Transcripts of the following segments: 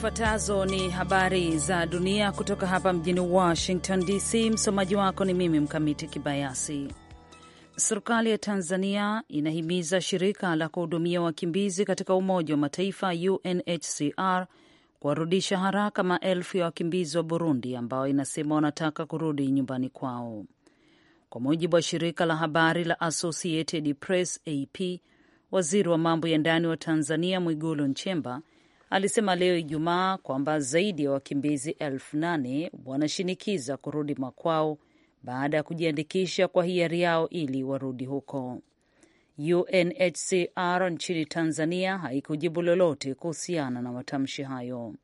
zifuatazo ni habari za dunia kutoka hapa mjini Washington DC. Msomaji wako ni mimi Mkamiti Kibayasi. Serikali ya Tanzania inahimiza shirika la kuhudumia wakimbizi katika Umoja wa Mataifa, UNHCR, kuwarudisha haraka maelfu ya wakimbizi wa Burundi ambao inasema wanataka kurudi nyumbani kwao. Kwa mujibu wa shirika la habari la Associated Press, AP, waziri wa mambo ya ndani wa Tanzania Mwigulu Nchemba alisema leo Ijumaa kwamba zaidi ya wakimbizi elfu nane wanashinikiza kurudi makwao baada ya kujiandikisha kwa hiari yao ili warudi huko. UNHCR nchini Tanzania haikujibu lolote kuhusiana na matamshi hayo.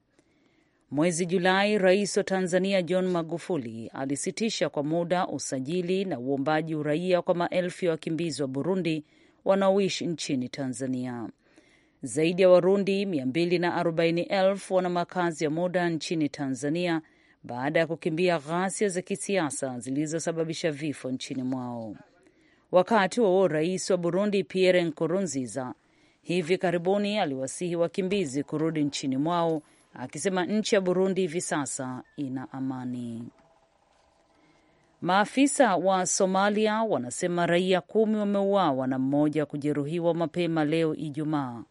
Mwezi Julai, rais wa Tanzania John Magufuli alisitisha kwa muda usajili na uombaji uraia kwa maelfu ya wakimbizi wa Burundi wanaoishi nchini Tanzania. Zaidi ya Warundi 240,000 wana makazi ya muda nchini Tanzania baada ya kukimbia ghasia za kisiasa zilizosababisha vifo nchini mwao. Wakati huo rais wa Burundi Pierre Nkurunziza hivi karibuni aliwasihi wakimbizi kurudi nchini mwao akisema nchi ya Burundi hivi sasa ina amani. Maafisa wa Somalia wanasema raia kumi wameuawa na mmoja kujeruhiwa mapema leo Ijumaa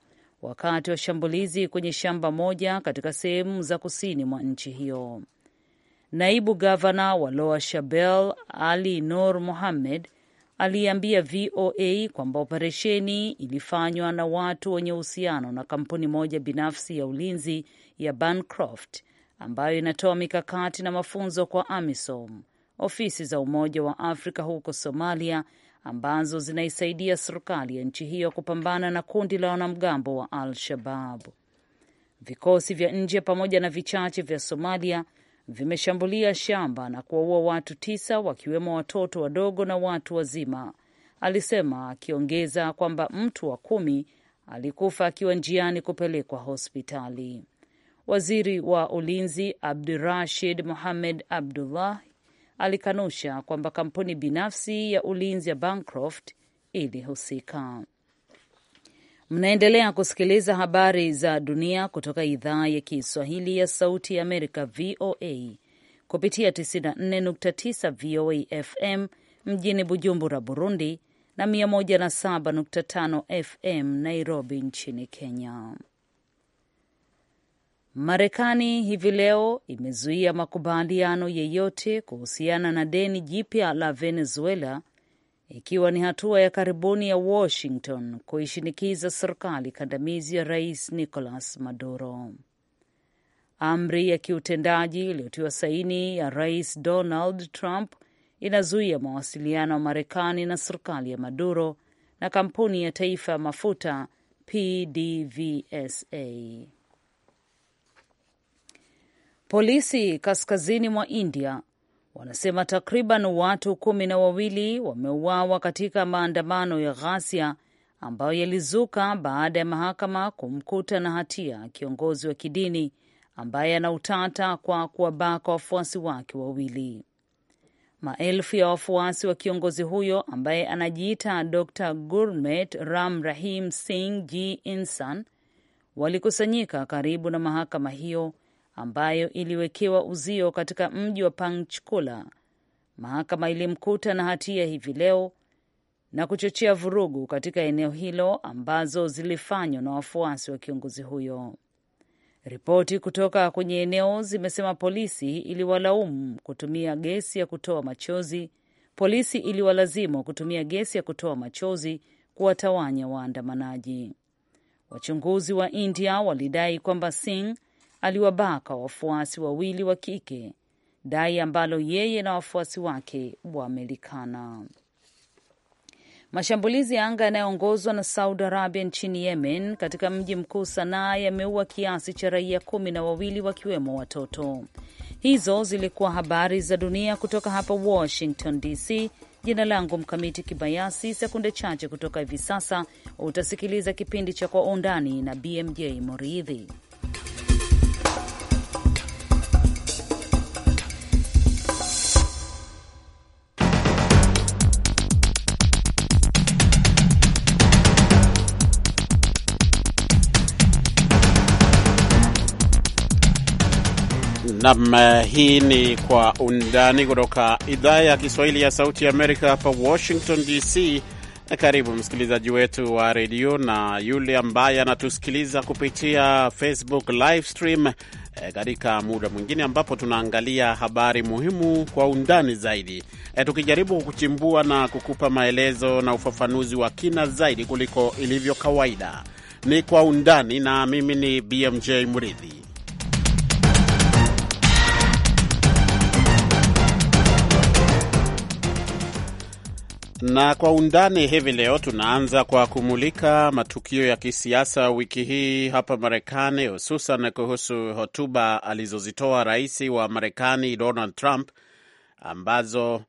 wakati wa shambulizi kwenye shamba moja katika sehemu za kusini mwa nchi hiyo. Naibu gavana wa loa shabel Ali Nur muhammed aliambia VOA kwamba operesheni ilifanywa na watu wenye uhusiano na kampuni moja binafsi ya ulinzi ya Bancroft ambayo inatoa mikakati na mafunzo kwa AMISOM, ofisi za Umoja wa Afrika huko Somalia ambazo zinaisaidia serikali ya nchi hiyo kupambana na kundi la wanamgambo wa Al-Shabab. Vikosi vya nje pamoja na vichache vya Somalia vimeshambulia shamba na kuwaua watu tisa wakiwemo watoto wadogo na watu wazima, alisema, akiongeza kwamba mtu wa kumi alikufa akiwa njiani kupelekwa hospitali. Waziri wa ulinzi Abdurashid muhamed Abdullah alikanusha kwamba kampuni binafsi ya ulinzi ya Bancroft ilihusika. Mnaendelea kusikiliza habari za dunia kutoka idhaa ya Kiswahili ya Sauti ya Amerika, VOA, kupitia 94.9 VOA FM mjini Bujumbura, Burundi, na 107.5 FM Nairobi nchini Kenya. Marekani hivi leo imezuia makubaliano yeyote kuhusiana na deni jipya la Venezuela, ikiwa ni hatua ya karibuni ya Washington kuishinikiza serikali kandamizi ya Rais Nicolas Maduro. Amri ya kiutendaji iliyotiwa saini ya Rais Donald Trump inazuia mawasiliano ya Marekani na serikali ya Maduro na kampuni ya taifa ya mafuta PDVSA. Polisi kaskazini mwa India wanasema takriban watu kumi na wawili wameuawa katika maandamano ya ghasia ambayo yalizuka baada ya mahakama kumkuta na hatia kiongozi wa kidini ambaye ana utata kwa kuwabaka wafuasi wake wawili. Maelfu ya wafuasi wa kiongozi huyo ambaye anajiita Dr Gurmeet Ram Rahim Singh Ji Insan walikusanyika karibu na mahakama hiyo ambayo iliwekewa uzio katika mji wa Panchkula. Mahakama ilimkuta na hatia hivi leo na kuchochea vurugu katika eneo hilo ambazo zilifanywa na wafuasi wa kiongozi huyo. Ripoti kutoka kwenye eneo zimesema polisi iliwalaumu kutumia gesi ya kutoa machozi. Polisi iliwalazimu kutumia gesi ya kutoa machozi kuwatawanya waandamanaji. Wachunguzi wa India walidai kwamba Singh aliwabaka wafuasi wawili wa kike, dai ambalo yeye na wafuasi wake wamelikana. Mashambulizi ya anga yanayoongozwa na Saudi Arabia nchini Yemen katika mji mkuu Sanaa yameua kiasi cha raia kumi na wawili wakiwemo watoto. Hizo zilikuwa habari za dunia kutoka hapa Washington DC. Jina langu Mkamiti Kibayasi. Sekunde chache kutoka hivi sasa utasikiliza kipindi cha Kwa Undani na BMJ Moridhi. Nam, eh, hii ni Kwa Undani kutoka idhaa ya Kiswahili ya Sauti ya Amerika hapa Washington DC. Karibu msikilizaji wetu wa redio na yule ambaye anatusikiliza kupitia Facebook live stream e, katika muda mwingine ambapo tunaangalia habari muhimu kwa undani zaidi e, tukijaribu kuchimbua na kukupa maelezo na ufafanuzi wa kina zaidi kuliko ilivyo kawaida. Ni Kwa Undani na mimi ni BMJ mridhi Na kwa undani hivi leo tunaanza kwa kumulika matukio ya kisiasa wiki hii hapa Marekani, hususan kuhusu hotuba alizozitoa rais wa Marekani Donald Trump ambazo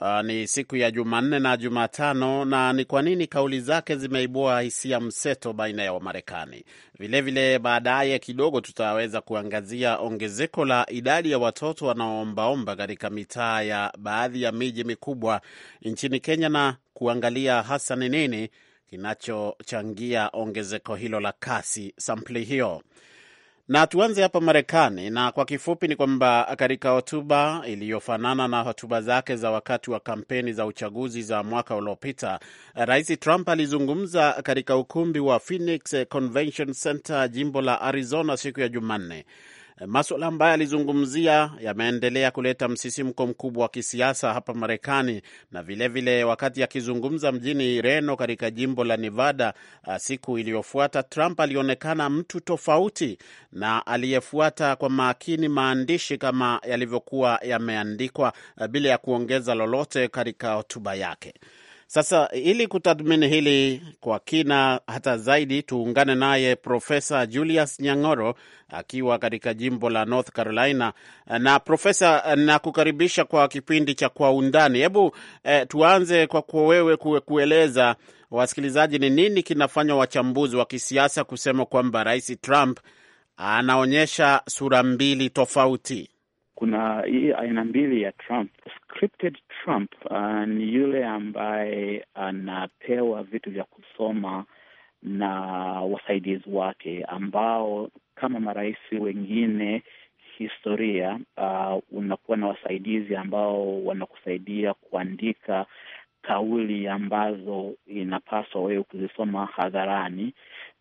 uh, ni siku ya Jumanne na Jumatano, na ni kwa nini kauli zake zimeibua hisia mseto baina ya Wamarekani. Vilevile baadaye kidogo tutaweza kuangazia ongezeko la idadi ya watoto wanaoombaomba katika mitaa ya baadhi ya miji mikubwa nchini Kenya na kuangalia hasa ni nini kinachochangia ongezeko hilo la kasi sampli hiyo. Na tuanze hapa Marekani, na kwa kifupi ni kwamba katika hotuba iliyofanana na hotuba zake za wakati wa kampeni za uchaguzi za mwaka uliopita, Rais Trump alizungumza katika ukumbi wa Phoenix Convention Center, jimbo la Arizona siku ya Jumanne. Eh, maswala ambayo alizungumzia yameendelea kuleta msisimko mkubwa wa kisiasa hapa Marekani na vilevile vile, wakati akizungumza mjini Reno katika jimbo la Nevada eh, siku iliyofuata, Trump alionekana mtu tofauti na aliyefuata kwa makini maandishi kama yalivyokuwa yameandikwa eh, bila ya kuongeza lolote katika hotuba yake. Sasa ili kutathmini hili kwa kina hata zaidi, tuungane naye Profesa Julius Nyang'oro akiwa katika jimbo la North Carolina. Na Profesa, nakukaribisha kwa kipindi cha Kwa Undani. Hebu eh, tuanze kwako wewe kue, kueleza wasikilizaji ni nini kinafanya wachambuzi wa kisiasa kusema kwamba Rais Trump anaonyesha sura mbili tofauti? kuna hii aina mbili ya Trump. Scripted Trump uh, ni yule ambaye anapewa vitu vya kusoma na wasaidizi wake ambao kama marais wengine historia, uh, unakuwa na wasaidizi ambao wanakusaidia kuandika kauli ambazo inapaswa wewe kuzisoma hadharani,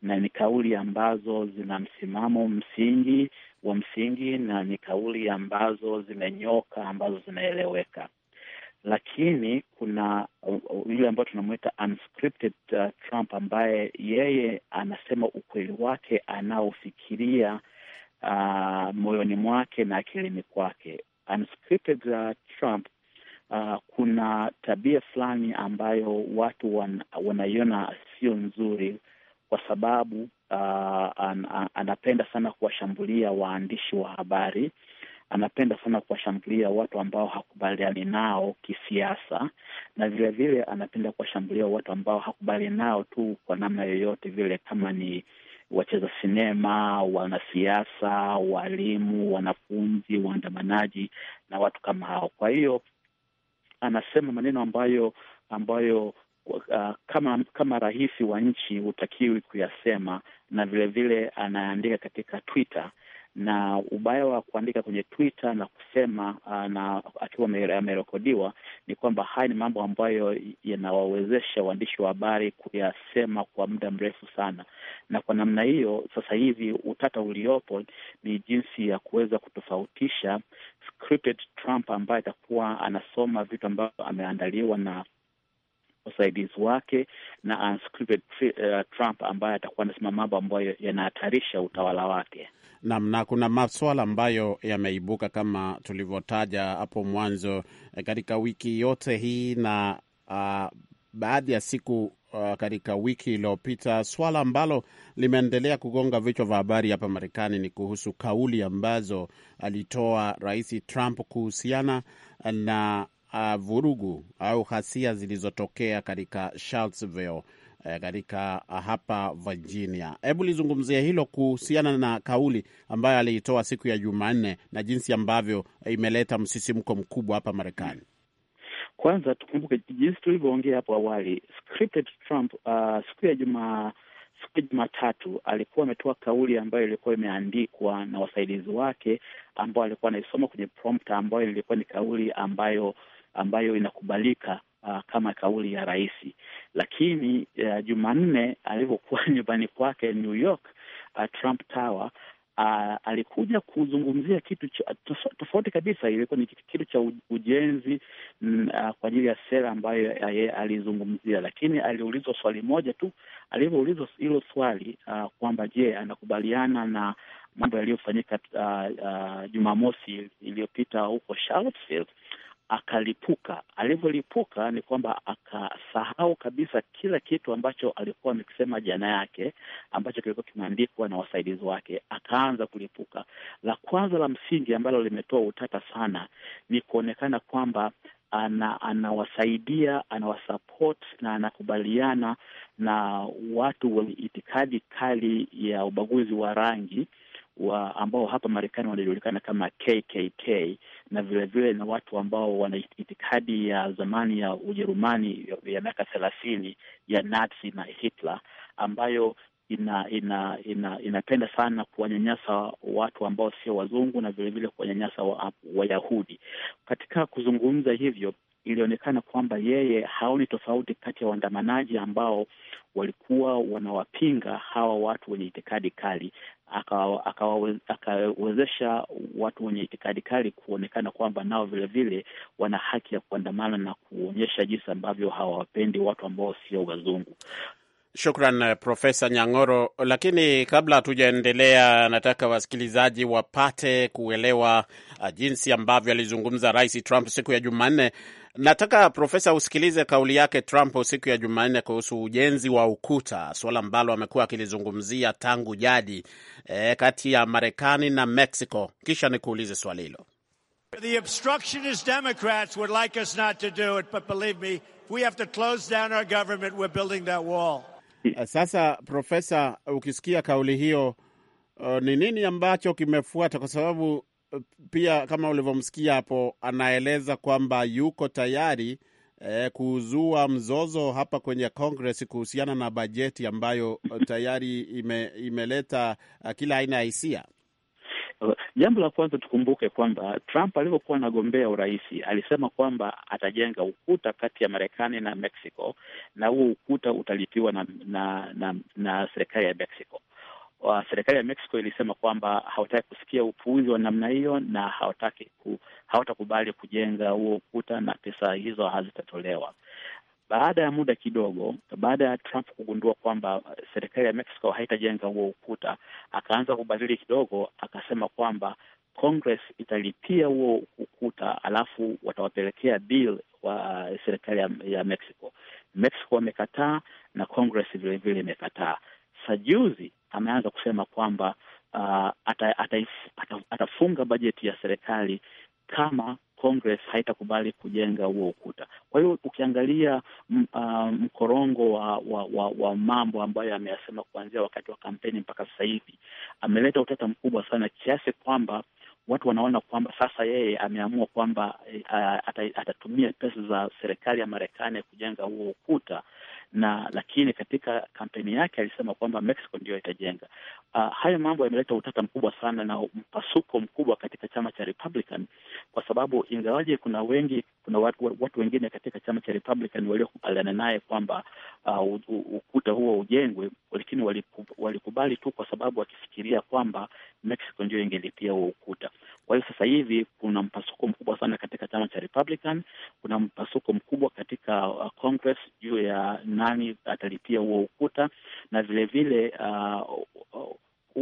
na ni kauli ambazo zina msimamo msingi wa msingi, na ni kauli ambazo zimenyoka, ambazo zinaeleweka. Lakini kuna uh, yule ambayo tunamwita unscripted uh, Trump ambaye yeye anasema ukweli wake anaofikiria uh, moyoni mwake na akilini kwake. Unscripted, uh, Trump uh, kuna tabia fulani ambayo watu wan, wanaiona sio nzuri kwa sababu uh, an, an, anapenda sana kuwashambulia waandishi wa habari, anapenda sana kuwashambulia watu ambao hakubaliani nao kisiasa, na vile vile anapenda kuwashambulia watu ambao hakubali nao tu kwa namna yoyote vile, kama ni wacheza sinema, wanasiasa, walimu, wanafunzi, waandamanaji na watu kama hao. Kwa hiyo anasema maneno ambayo ambayo Uh, kama kama rais wa nchi hutakiwi kuyasema, na vilevile anaandika katika Twitter na ubaya wa kuandika kwenye Twitter na kusema ah, na akiwa amerekodiwa ni kwamba haya ni mambo ambayo yanawawezesha waandishi wa habari kuyasema kwa muda mrefu sana, na kwa namna hiyo sasa hivi utata uliopo ni jinsi ya kuweza kutofautisha scripted Trump ambaye atakuwa anasoma vitu ambavyo ameandaliwa na wasaidizi wake na unscripted, eh, Trump ambaye atakuwa anasema mambo ambayo yanahatarisha utawala wake. Naam, na kuna maswala ambayo yameibuka kama tulivyotaja hapo mwanzo eh, katika wiki yote hii na uh, baadhi ya siku uh, katika wiki iliyopita, swala ambalo limeendelea kugonga vichwa vya habari hapa Marekani ni kuhusu kauli ambazo alitoa Rais Trump kuhusiana na uh, vurugu au ghasia zilizotokea katika Charlottesville eh, katika uh, hapa Virginia. Hebu lizungumzia hilo kuhusiana na kauli ambayo aliitoa siku ya Jumanne na jinsi ambavyo imeleta msisimko mkubwa hapa Marekani. Kwanza tukumbuke jinsi tulivyoongea hapo awali, scripted Trump uh, siku ya juma siku ya Jumatatu alikuwa ametoa kauli ambayo ilikuwa imeandikwa na wasaidizi wake ambao alikuwa anaisoma kwenye ambayo ilikuwa ni kauli ambayo ambayo inakubalika uh, kama kauli ya rais. Lakini uh, Jumanne alivyokuwa nyumbani kwake New York uh, Trump Tower Uh, alikuja kuzungumzia kitu tofauti kabisa. Ilikuwa ni kitu cha ujenzi m, mm, uh, kwa ajili ya sera ambayo yeye alizungumzia, lakini aliulizwa swali moja tu. Alivyoulizwa hilo swali uh, kwamba je, anakubaliana na mambo yaliyofanyika uh, uh, Jumamosi iliyopita huko Charlottesville akalipuka. Alivyolipuka ni kwamba akasahau kabisa kila kitu ambacho alikuwa amekisema jana yake, ambacho kilikuwa kimeandikwa na wasaidizi wake, akaanza kulipuka. La kwanza la msingi ambalo limetoa utata sana ni kuonekana kwamba ana- anawasaidia anawasupport na anakubaliana na watu wenye itikadi kali ya ubaguzi wa rangi wa ambao hapa Marekani wanajulikana kama KKK na vilevile vile na watu ambao wana itikadi ya zamani ya Ujerumani ya miaka thelathini ya Nazi na Hitler ambayo ina ina inapenda sana kuwanyanyasa watu ambao sio wazungu na vilevile kuwanyanyasa Wayahudi. Wa katika kuzungumza hivyo, ilionekana kwamba yeye haoni tofauti kati ya waandamanaji ambao walikuwa wanawapinga hawa watu wenye itikadi kali akawawezesha watu wenye itikadi kali kuonekana kwamba nao vilevile vile wana haki ya kuandamana na kuonyesha jinsi ambavyo hawawapendi watu ambao sio wazungu. Shukran eh, Profesa Nyang'oro. Lakini kabla hatujaendelea, nataka wasikilizaji wapate kuelewa eh, jinsi ambavyo alizungumza Rais Trump siku ya Jumanne. Nataka Profesa usikilize kauli yake Trump siku ya Jumanne kuhusu ujenzi wa ukuta, suala ambalo amekuwa akilizungumzia tangu jadi, e, kati ya Marekani na Mexico. Kisha nikuulize swali hilo. The obstructionist Democrats would like us not to do it, but believe me, if we have to close down our government, we're building that wall. Eh, sasa Profesa, ukisikia kauli hiyo eh, ni uh, nini ambacho kimefuata? Kwa sababu eh, pia kama ulivyomsikia hapo, anaeleza kwamba yuko tayari eh, kuzua mzozo hapa kwenye Congress kuhusiana na bajeti ambayo tayari ime, imeleta uh, kila aina ya hisia. Jambo la kwanza tukumbuke kwamba Trump alivyokuwa anagombea urais alisema kwamba atajenga ukuta kati ya Marekani na Mexico, na huo ukuta utalipiwa na, na, na, na serikali ya Mexico. Uh, serikali ya Mexico ilisema kwamba hawataki kusikia upuuzi wa namna hiyo na hawataki ku, hawatakubali kujenga huo ukuta na pesa hizo hazitatolewa. Baada ya muda kidogo, baada ya Trump kugundua kwamba uh, serikali ya Mexico haitajenga huo ukuta, akaanza kubadili kidogo, akasema kwamba Congress italipia huo ukuta, alafu watawapelekea bill wa serikali ya, ya Mexico. Mexico wamekataa na Congress vilevile imekataa. Sajuzi juzi ameanza kusema kwamba uh, ata, ata, ata, atafunga bajeti ya serikali kama Congress haitakubali kujenga huo ukuta. Kwa hiyo ukiangalia mm, uh, mkorongo wa, wa, wa, wa mambo ambayo ameyasema kuanzia wakati wa kampeni mpaka sasa hivi ameleta utata mkubwa sana kiasi kwamba watu wanaona kwamba sasa yeye ameamua kwamba eh, atatumia pesa za serikali ya Marekani kujenga huo ukuta na lakini katika kampeni yake alisema kwamba Mexico ndiyo itajenga. Uh, hayo mambo yameleta utata mkubwa sana na mpasuko mkubwa katika chama cha Republican kwa sababu ingawaje kuna wengi kuna watu, watu wengine katika chama cha Republican waliokubaliana naye kwamba uh, ukuta huo ujengwe, lakini walikubali tu kwa sababu wakifikiria kwamba Mexico ndiyo ingelipia huo ukuta. Kwa hiyo sasa hivi kuna mpasuko mkubwa sana katika chama cha Republican, kuna mpasuko mkubwa katika uh, Congress juu ya na nani atalipia huo ukuta, na vilevile uh,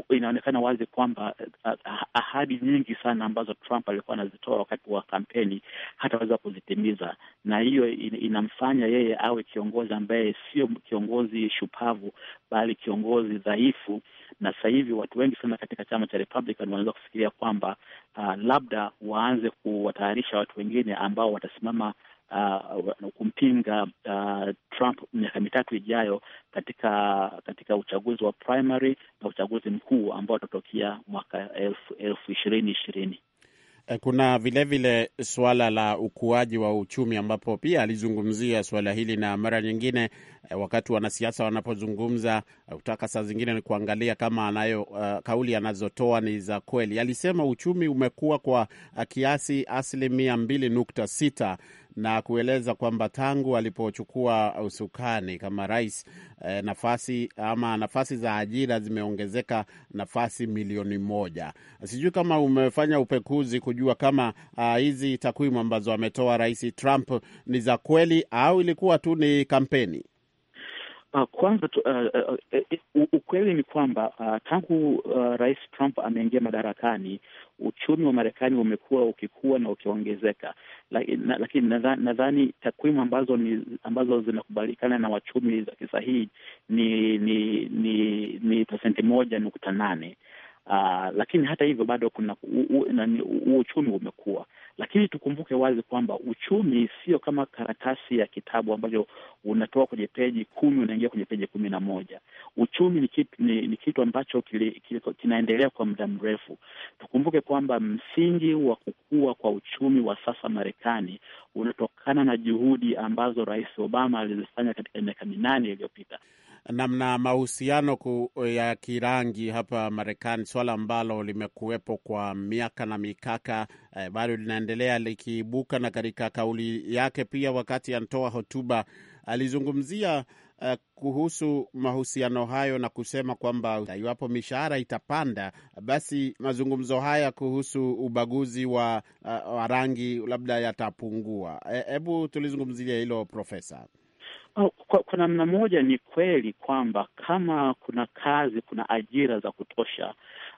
inaonekana wazi kwamba uh, ahadi nyingi sana ambazo Trump alikuwa anazitoa wakati wa kampeni hataweza kuzitimiza, na hiyo inamfanya yeye awe kiongozi ambaye sio kiongozi shupavu, bali kiongozi dhaifu. Na sasa hivi watu wengi sana katika chama cha Republican wanaweza kufikiria kwamba uh, labda waanze kuwatayarisha watu wengine ambao watasimama uh, kumpinga uh, Trump miaka mitatu ijayo katika katika uchaguzi wa primary na uchaguzi mkuu ambao utatokea mwaka elfu ishirini ishirini. Eh, kuna vilevile vile suala la ukuaji wa uchumi ambapo pia alizungumzia suala hili, na mara nyingine eh, wakati wanasiasa wanapozungumza kutaka eh, saa zingine ni kuangalia kama anayo uh, kauli anazotoa ni za kweli. Alisema uchumi umekuwa kwa kiasi asilimia mbili nukta sita na kueleza kwamba tangu alipochukua usukani kama rais eh, nafasi ama nafasi za ajira zimeongezeka nafasi milioni moja. Sijui kama umefanya upekuzi kujua kama uh, hizi takwimu ambazo ametoa rais Trump ni za kweli au ilikuwa tu ni kampeni. Uh, kwanza tu, uh, uh, uh, ukweli ni kwamba uh, tangu uh, Rais Trump ameingia madarakani uchumi wa Marekani umekuwa ukikua na ukiongezeka, lakini nadhani takwimu ambazo ni, ambazo zinakubalikana na wachumi za kisahihi ni ni ni, ni pasenti moja nukta nane uh, lakini hata hivyo bado kuna uchumi umekuwa lakini tukumbuke wazi kwamba uchumi sio kama karatasi ya kitabu ambacho unatoka kwenye peji kumi unaingia kwenye peji kumi na moja. Uchumi ni kitu, ni, ni kitu ambacho kinaendelea kwa muda mrefu. Tukumbuke kwamba msingi wa kukua kwa uchumi wa sasa Marekani unatokana na juhudi ambazo Rais Obama alizifanya katika miaka minane iliyopita namna mahusiano ya kirangi hapa Marekani, swala ambalo limekuwepo kwa miaka na mikaka eh, bado linaendelea likiibuka. Na katika kauli yake pia, wakati anatoa hotuba, alizungumzia eh, kuhusu mahusiano hayo na kusema kwamba iwapo mishahara itapanda, basi mazungumzo haya kuhusu ubaguzi wa, uh, wa rangi labda yatapungua. Eh, hebu e, tulizungumzia hilo Profesa. Kwa, kwa namna moja ni kweli kwamba kama kuna kazi, kuna ajira za kutosha,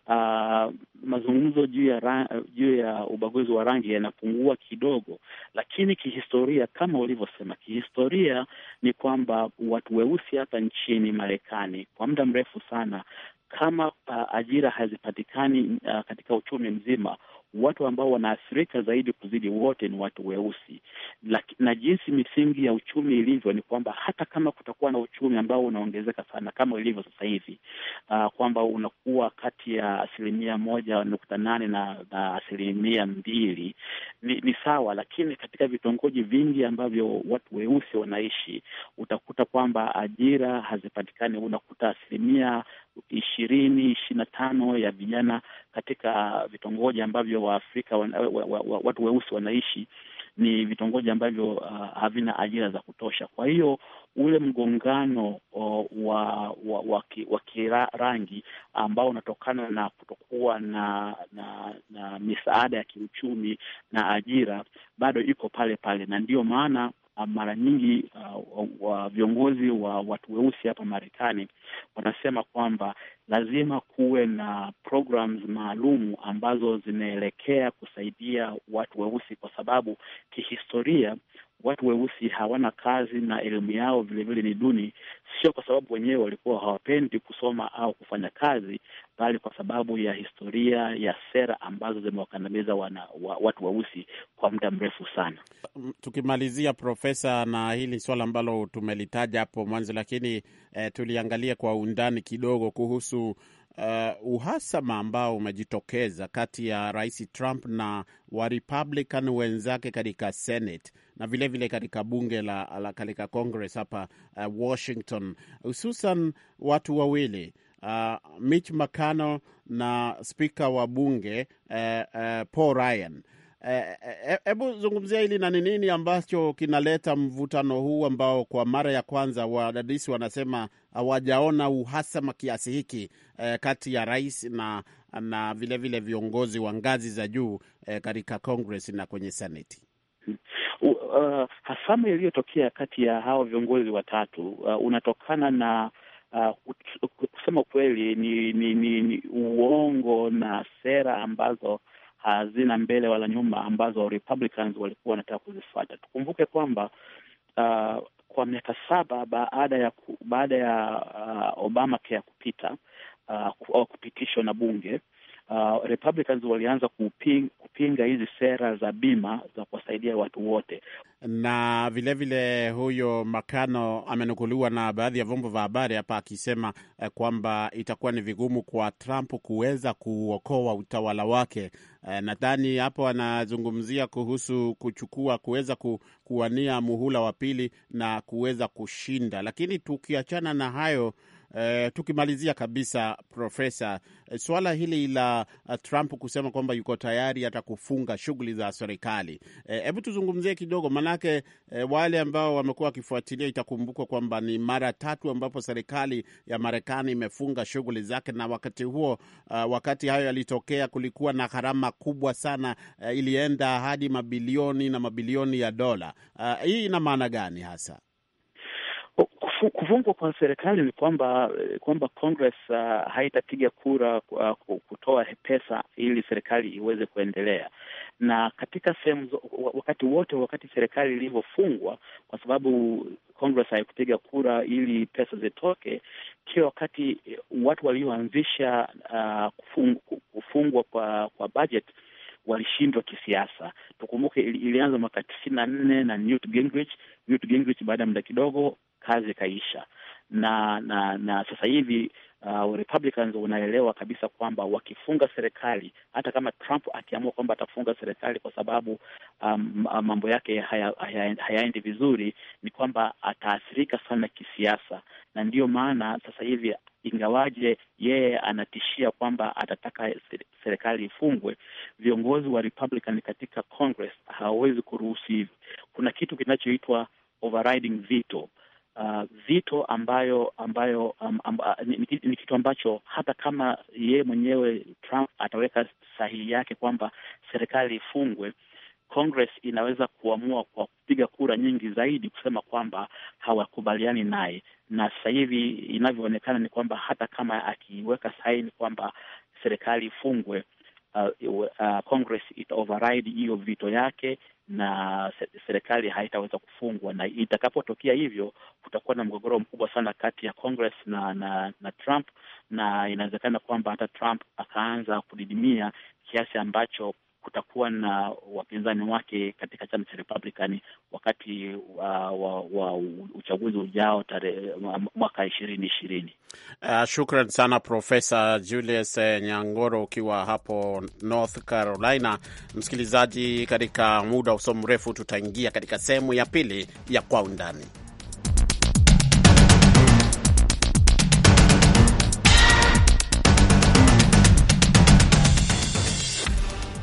uh, mazungumzo juu ya juu ya ubaguzi wa rangi yanapungua kidogo, lakini kihistoria, kama ulivyosema, kihistoria ni kwamba watu weusi hapa nchini Marekani kwa muda mrefu sana, kama uh, ajira hazipatikani uh, katika uchumi mzima watu ambao wanaathirika zaidi kuzidi wote ni watu weusi. Laki, na jinsi misingi ya uchumi ilivyo ni kwamba hata kama kutakuwa na uchumi ambao unaongezeka sana kama ilivyo sasa hivi uh, kwamba unakuwa kati ya asilimia moja nukta nane na, na asilimia mbili ni, ni sawa, lakini katika vitongoji vingi ambavyo watu weusi wanaishi utakuta kwamba ajira hazipatikani, unakuta asilimia ishirini ishirini na tano ya vijana katika vitongoji ambavyo Waafrika wa, wa, wa, wa, watu weusi wanaishi ni vitongoji ambavyo uh, havina ajira za kutosha. Kwa hiyo ule mgongano uh, wa wa, wa kirangi ambao unatokana na kutokuwa na, na na misaada ya kiuchumi na ajira bado iko pale pale, na ndiyo maana Ah, mara nyingi uh, wa viongozi wa watu weusi hapa Marekani wanasema kwamba lazima kuwe na programs maalum ambazo zinaelekea kusaidia watu weusi, kwa sababu kihistoria watu weusi hawana kazi na elimu yao vilevile ni duni, sio kwa sababu wenyewe walikuwa hawapendi kusoma au kufanya kazi, bali kwa sababu ya historia ya sera ambazo zimewakandamiza wa, watu weusi kwa muda mrefu sana. Tukimalizia Profesa, na hili swala ambalo tumelitaja hapo mwanzo, lakini eh, tuliangalia kwa undani kidogo kuhusu uh, uhasama ambao umejitokeza kati ya Rais Trump na Warepublican wenzake katika Senate na vilevile katika bunge la, la katika Congress hapa uh, Washington, hususan watu wawili uh, Mitch McConnell na spika wa bunge uh, uh, Paul Ryan. Uh, uh, hebu e, zungumzia hili na ni nini ambacho kinaleta mvutano huu ambao kwa mara ya kwanza wadadisi wanasema hawajaona uhasama kiasi hiki eh, kati ya rais na na vilevile vile viongozi wa ngazi za juu eh, katika Congress na kwenye seneti Uh, hasama iliyotokea kati ya hawa viongozi watatu uh, unatokana na uh, kusema kweli ni, ni, ni, ni uongo na sera ambazo hazina mbele wala nyuma ambazo Republicans walikuwa wanataka kuzifuata. Tukumbuke kwamba uh, kwa miaka saba baada ya baada ya uh, Obamacare kupita uh, au uh, kupitishwa na bunge uh, Republicans walianza kupinga, kupinga hizi sera za bima za kuwasaidia watu wote. Na vilevile vile huyo Makano amenukuliwa na baadhi ya vyombo vya habari hapa akisema eh, kwamba itakuwa ni vigumu kwa Trump kuweza kuokoa utawala wake. Eh, nadhani hapo anazungumzia kuhusu kuchukua kuweza ku, kuwania muhula wa pili na kuweza kushinda, lakini tukiachana na hayo Eh, tukimalizia kabisa Profesa, eh, swala hili la eh, Trump kusema kwamba yuko tayari hata kufunga shughuli za serikali, eh, hebu tuzungumzie kidogo manake, eh, wale ambao wamekuwa wakifuatilia, itakumbukwa kwamba ni mara tatu ambapo serikali ya Marekani imefunga shughuli zake, na wakati huo uh, wakati hayo yalitokea, kulikuwa na gharama kubwa sana uh, ilienda hadi mabilioni na mabilioni ya dola. Uh, hii ina maana gani hasa? kuvungwa kwa serikali ni kwamba eh, kwamba Congress uh, haitapiga kura uh, kutoa pesa ili serikali iweze kuendelea, na katika sehemu wakati wote, wakati serikali ilivyofungwa, kwa sababu Congress haikupiga kura ili pesa zitoke, kila wakati eh, watu walioanzisha uh, kufungwa kwa, kwa budget walishindwa kisiasa. Tukumbuke ili, ilianza mwaka tisini na nne na Newt Gingrich. Newt Gingrich baada ya muda kidogo kazi ikaisha, na na na sasa hivi uh, Republicans wanaelewa kabisa kwamba wakifunga serikali, hata kama Trump akiamua kwamba atafunga serikali kwa sababu um, mambo yake hayaendi haya, haya vizuri, ni kwamba ataathirika sana kisiasa, na ndiyo maana sasa hivi ingawaje yeye anatishia kwamba atataka serikali ifungwe, viongozi wa Republican katika Congress hawawezi kuruhusu hivi Kuna kitu kinachoitwa overriding veto. Uh, veto ambayo ambayo um, um, uh, ni, kitu ambacho hata kama yeye mwenyewe Trump ataweka sahihi yake kwamba serikali ifungwe Congress inaweza kuamua kwa kupiga kura nyingi zaidi kusema kwamba hawakubaliani naye, na sasa hivi inavyoonekana ni kwamba hata kama akiweka saini kwamba serikali ifungwe, uh, uh, Congress ita override hiyo vito yake na serikali haitaweza kufungwa, na itakapotokea hivyo, kutakuwa na mgogoro mkubwa sana kati ya Congress na na, na Trump, na inawezekana kwamba hata Trump akaanza kudidimia kiasi ambacho kutakuwa na wapinzani wake katika chama cha Republican wakati wa, wa, wa uchaguzi ujao tarehe mwaka ishirini ishirini. Uh, shukran sana Profesa Julius eh, Nyangoro ukiwa hapo North Carolina. Msikilizaji, katika muda usio mrefu tutaingia katika sehemu ya pili ya kwa undani.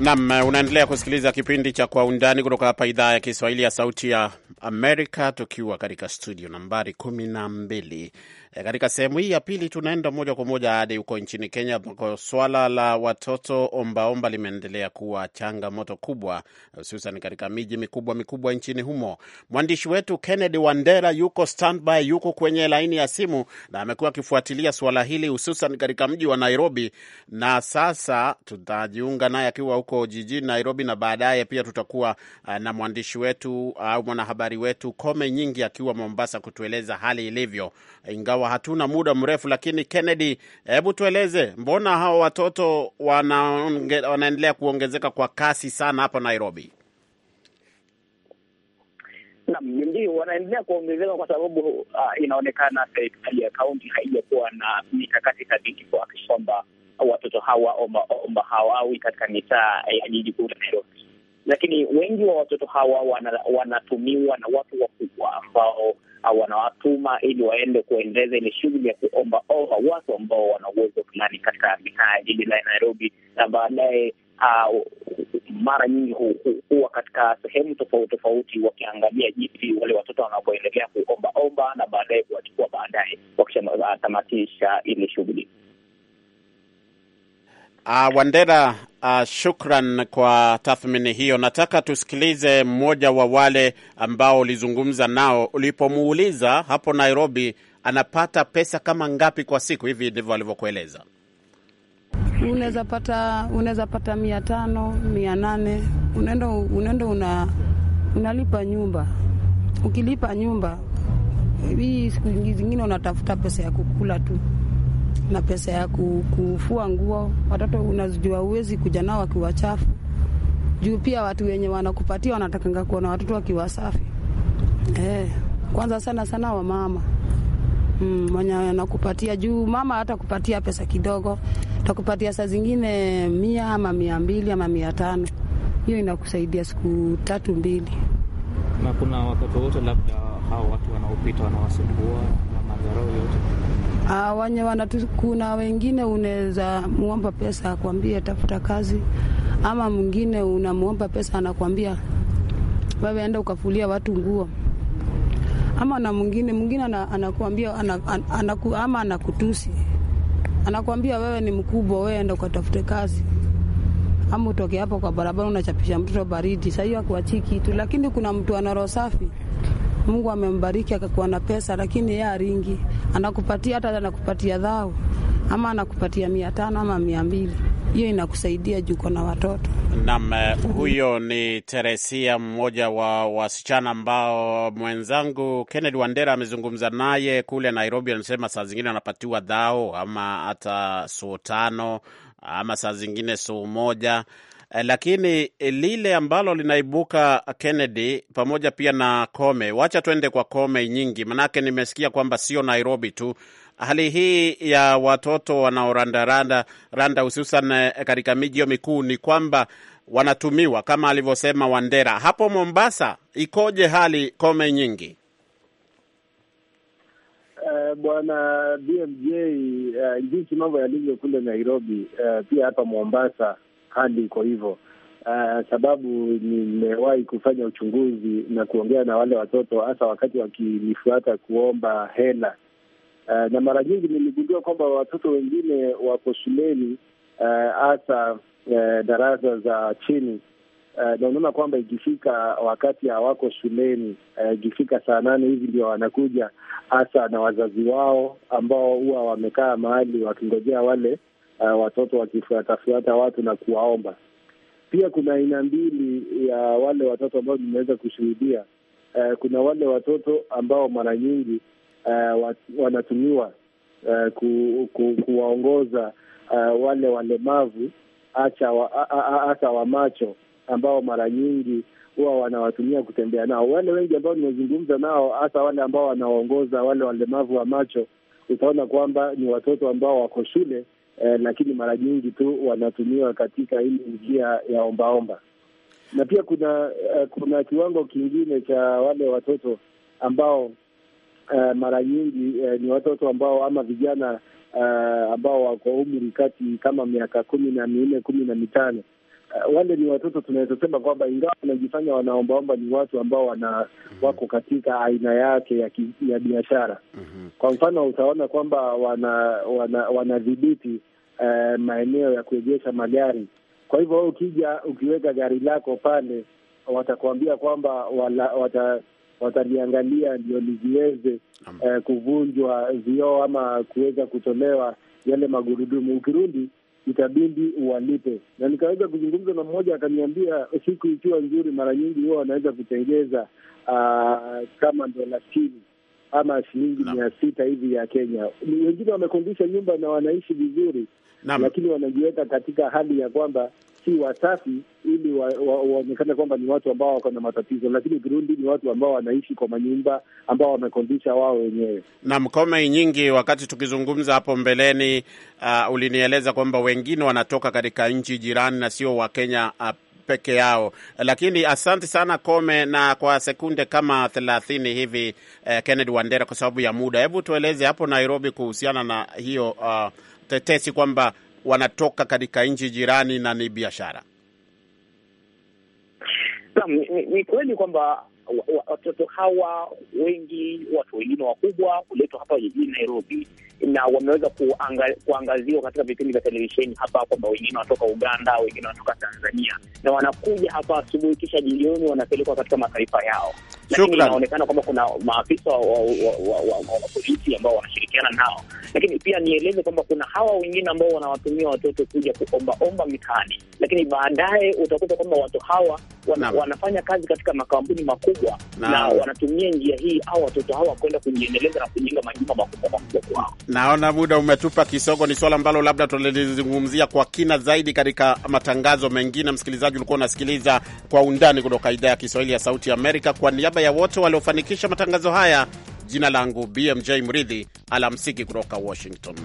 Nam, uh, unaendelea kusikiliza kipindi cha Kwa Undani kutoka hapa idhaa ya Kiswahili ya Sauti ya Amerika, tukiwa katika studio nambari kumi na mbili. E, katika sehemu hii ya pili tunaenda moja kwa moja hadi huko nchini Kenya ambako swala la watoto ombaomba limeendelea kuwa changamoto kubwa, hususan katika miji mikubwa mikubwa nchini humo. Mwandishi wetu Kennedy Wandera yuko standby, yuko kwenye laini ya simu na amekuwa akifuatilia swala hili hususan katika mji wa Nairobi, na sasa tutajiunga naye akiwa huko jijini Nairobi, na baadaye pia tutakuwa uh, na mwandishi wetu uh, au mwanahabari wetu Kome Nyingi akiwa Mombasa kutueleza hali ilivyo, ingawa hatuna muda mrefu. Lakini Kennedy, hebu tueleze, mbona hawa watoto wanaendelea kuongezeka kwa kasi sana hapa Nairobi? Ndio, wanaendelea kuongezeka kwa sababu uh, inaonekana serikali ya kaunti haijakuwa na mikakati thabiti kuhakikisha kwamba watoto hawa omba, omba hawawi katika mitaa ya jiji kuu la Nairobi, lakini wengi wa watoto hawa wanatumiwa wana na watu wakubwa ambao wanawatuma ili waende kuendeleza ile shughuli ya kuomba omba watu ambao wana uwezo fulani katika mitaa ya jiji la Nairobi, na baadaye uh, mara nyingi huwa hu, katika sehemu tofauti tofauti wakiangalia jinsi wale watoto wanapoendelea kuomba omba na baadaye kuwachukua baadaye wakishatamatisha uh, ile shughuli. Uh, Wandera, uh, shukran kwa tathmini hiyo. Nataka tusikilize mmoja wa wale ambao ulizungumza nao ulipomuuliza hapo Nairobi anapata pesa kama ngapi kwa siku, hivi ndivyo alivyokueleza. Unaweza pata unaweza pata mia tano mia nane unaenda unaenda una, unalipa nyumba. Ukilipa nyumba, hii siku zingine unatafuta pesa ya kukula tu na pesa ya kufua nguo. Watoto unajua uwezi kuja nao wakiwa chafu, juu pia watu wenye wanakupatia wanatakanga kuona watoto wakiwa safi eh. Kwanza sana sana wamama mm, mwenye mm, anakupatia juu mama kupatia pesa kidogo, takupatia saa zingine mia ama mia mbili ama mia tano. Hiyo inakusaidia siku tatu mbili. Na kuna wakati wote labda hao watu wanaopita wanawasumbua na madharau yote Ah, wanye wanatu, kuna wengine unaweza muomba pesa akwambie tafuta kazi, ama mwingine unamwomba pesa anakwambia wewe enda ukafulia watu nguo, ama na mwingine mwingine anakuambia ana, anaku, ama anakutusi anakwambia wewe ni mkubwa, wewe enda ukatafute kazi ama utoke hapo kwa barabara unachapisha mtoto baridi. Sasa hiyo akuachii kitu, lakini kuna mtu ana roho safi Mungu amembariki akakuwa na pesa, lakini yeye aringi anakupatia, hata anakupatia dhao ama anakupatia mia tano ama mia mbili hiyo inakusaidia juko na watoto nam. Eh, huyo ni Teresia, mmoja wa wasichana ambao mwenzangu Kennedy Wandera amezungumza naye kule Nairobi. Anasema saa zingine anapatiwa dhao ama hata suu tano ama saa zingine suu moja Eh, lakini eh, lile ambalo linaibuka Kennedy, pamoja pia na Kome, wacha tuende kwa Kome nyingi, manake nimesikia kwamba sio Nairobi tu hali hii ya watoto wanaorandaranda randa, hususan eh, katika miji hiyo mikuu, ni kwamba wanatumiwa kama alivyosema Wandera hapo Mombasa. Ikoje hali Kome nyingi? Uh, bwana BMJ, uh, jinsi mambo yalivyo kule Nairobi, uh, pia hapa Mombasa hadi iko hivyo. Uh, sababu nimewahi kufanya uchunguzi na kuongea na wale watoto hasa wakati wakinifuata kuomba hela uh, na mara nyingi niligundua kwamba watoto wengine wako shuleni uh, hasa uh, uh, darasa za chini uh, na unaona kwamba ikifika wakati hawako shuleni uh, ikifika saa nane hivi ndio wanakuja hasa na wazazi wao ambao huwa wamekaa mahali wakingojea wale uh, watoto wakifuatafuata watu na kuwaomba. Pia kuna aina mbili ya wale watoto ambao nimeweza kushuhudia. Uh, kuna wale watoto ambao mara nyingi uh, wanatumiwa uh, ku, ku, kuwaongoza uh, wale walemavu hasa wa, wa macho ambao mara nyingi huwa wanawatumia kutembea nao. Wale wengi ambao nimezungumza nao, hasa wale ambao wanawaongoza wale walemavu wa macho, utaona kwamba ni watoto ambao wako shule eh, lakini mara nyingi tu wanatumiwa katika ile njia ya ombaomba. Na pia kuna eh, kuna kiwango kingine cha wale watoto ambao eh, mara nyingi eh, ni watoto ambao ama vijana eh, ambao wako umri kati kama miaka kumi na minne kumi na mitano uh, wale ni watoto tunaweza sema kwamba ingawa wanajifanya wanaombaomba, ni watu ambao wana mm -hmm. wako katika aina yake ya, ya biashara mm -hmm. Kwa mfano utaona kwamba wanadhibiti wana, uh, eh, maeneo ya kuegesha magari. Kwa hivyo ukija ukiweka gari lako pale, watakuambia kwamba wala, wata wataliangalia ndio liziweze eh, kuvunjwa vioo ama kuweza kutolewa yale magurudumu. Ukirudi itabidi uwalipe. Na nikaweza kuzungumza na mmoja akaniambia, siku ikiwa nzuri, mara nyingi huwa wanaweza kutengeza uh, kama dola sitini ama shilingi mia sita hivi ya Kenya. Wengine wamekondisha nyumba na wanaishi vizuri, lakini wanajiweka katika hali ya kwamba si wasafi ili waonekane wa, wa, kwamba ni watu ambao wako na matatizo, lakini Burundi ni watu ambao wanaishi kwa manyumba ambao wamekondisha wao wenyewe. na mkome nyingi, wakati tukizungumza hapo mbeleni, uh, ulinieleza kwamba wengine wanatoka katika nchi jirani na sio Wakenya uh, peke yao. Lakini asante sana Kome, na kwa sekunde kama thelathini hivi eh, Kennedy Wandera, kwa sababu ya muda, hebu tueleze hapo Nairobi kuhusiana na hiyo uh, tetesi kwamba wanatoka katika nchi jirani na ni biashara. Ni, ni, ni kweli kwamba watoto hawa wengi, watu wengine wakubwa, huletwa hapa jijini Nairobi na wameweza kuanga, kuangaziwa katika vipindi vya televisheni hapa kwamba wengine wanatoka Uganda, wengine wanatoka Tanzania na wanakuja hapa asubuhi, kisha jioni wanapelekwa katika mataifa yao lakini inaonekana kwamba kuna maafisa wa polisi ambao wanashirikiana nao, lakini pia nieleze kwamba kuna hawa wengine ambao wanawatumia watoto kuja kuombaomba mitaani, lakini baadaye utakuta kwamba watu hawa wana, wanafanya kazi katika makampuni makubwa na, na wanatumia njia hii au watoto hawa kwenda kujiendeleza na kujenga majumba makubwa makubwa kwao. Naona muda umetupa kisogo, ni swala ambalo labda tulizungumzia kwa kina zaidi katika matangazo mengine. Msikilizaji, ulikuwa unasikiliza kwa undani kutoka idhaa ya Kiswahili ya Sauti ya Amerika. Kwa niaba niaba ya wote waliofanikisha matangazo haya, jina langu BMJ Mridhi, alamsiki kutoka Washington.